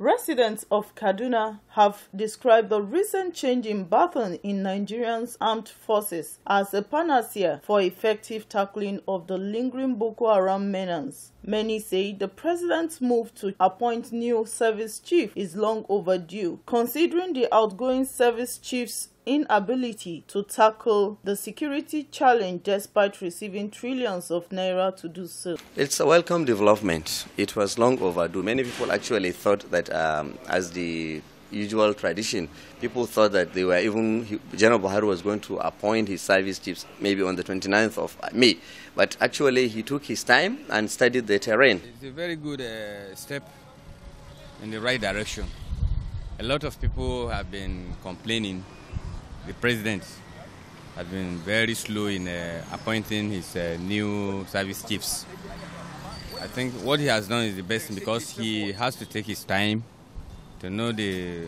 Residents of Kaduna have described the recent change in baton in Nigerians' armed forces as a panacea for effective tackling of the lingering Boko Haram menace. Many say the president's move to appoint new service chief is long overdue, considering the outgoing service chiefs inability to tackle the security challenge despite receiving trillions of naira to do so. It's a welcome development. It was long overdue. Many people actually thought that um, as the usual tradition. People thought that they were even, General Buhari was going to appoint his service chiefs maybe on the 29th of May. But actually, he took his time and studied the terrain. It's a very good uh, step in the right direction. A lot of people have been complaining the president has been very slow in uh, appointing his uh, new service chiefs. I think what he has done is the best because he has to take his time to know the,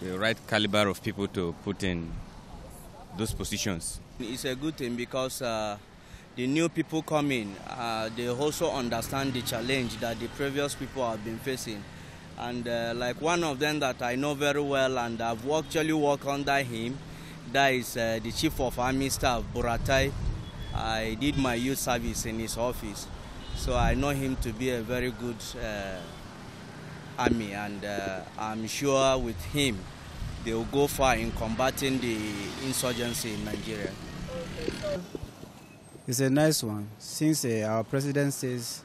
the right caliber of people to put in those positions. It's a good thing because uh, the new people coming, uh, they also understand the challenge that the previous people have been facing. And uh, like one of them that I know very well and I've actually worked under him, that is uh, the Chief of Army Staff, Buratai. I did my youth service in his office. So I know him to be a very good uh, army, and uh, I'm sure with him they will go far in combating the insurgency in Nigeria. It's a nice one. Since uh, our president says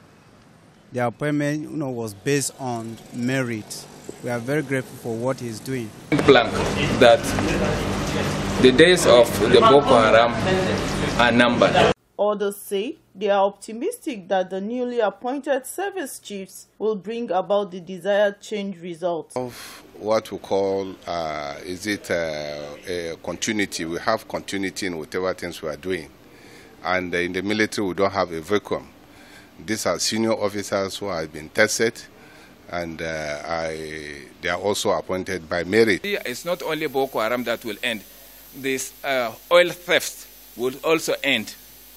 the appointment you know, was based on merit, we are very grateful for what he's doing. Blank that the days of the Boko Haram are numbered. Others say they are optimistic that the newly appointed service chiefs will bring about the desired change results. Of what we call, uh, is it uh, continuity? We have continuity in whatever things we are doing. And in the military, we don't have a vacuum. These are senior officers who have been tested and uh, I, they are also appointed by merit. It's not only Boko Haram that will end. This uh, oil theft will also end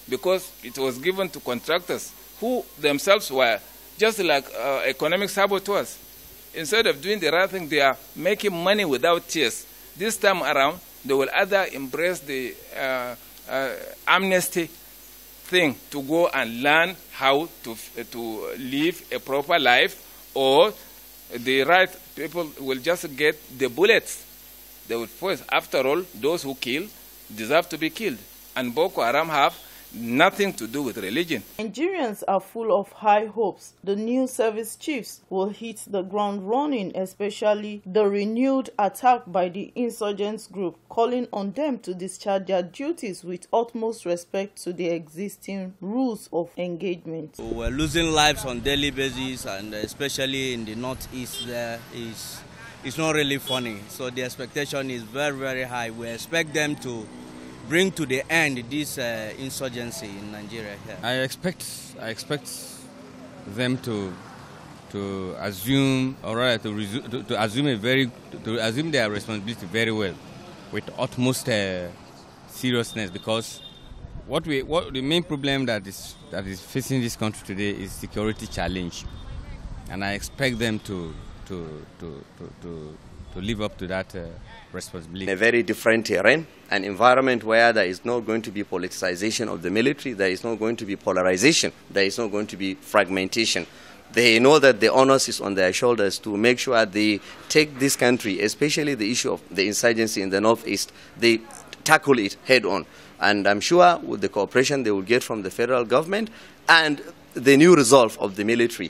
because it was given to contractors who themselves were just like uh, economic saboteurs. Instead of doing the right thing, they are making money without tears. This time around, they will either embrace the uh, uh, amnesty thing to go and learn how to, to live a proper life or the right people will just get the bullets. They will first, after all, those who kill deserve to be killed. And Boko Haram have nothing to do with religion. Nigerians are full of high hopes. The new service chiefs will hit the ground running, especially the renewed attack by the insurgents group, calling on them to discharge their duties with utmost respect to the existing rules of engagement. We're losing lives on daily basis, and especially in the northeast, there uh, is it's not really funny. So the expectation is very, very high. We expect them to bring to the end this uh, insurgency in Nigeria? Here? I expect I expect them to to assume or rather to, resu- to, to, assume a very to, to, assume their responsibility very well with utmost uh, seriousness because what we what the main problem that is that is facing this country today is security challenge and I expect them to to to, to, to to live up to that uh, responsibility. In a very different terrain, an environment where there is not going to be politicization of the military, there is not going to be polarization, there is not going to be fragmentation. They know that the onus is on their shoulders to make sure they take this country, especially the issue of the insurgency in the northeast, they tackle it head on. And I'm sure with the cooperation they will get from the federal government and the new resolve of the military,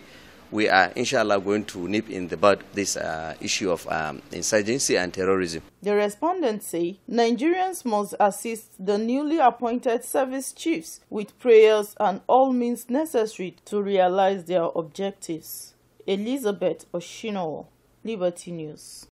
we are inshallah going to nip in the bud this uh, issue of um, insurgency and terrorism. The respondents say Nigerians must assist the newly appointed service chiefs with prayers and all means necessary to realize their objectives. Elizabeth Oshino, Liberty News.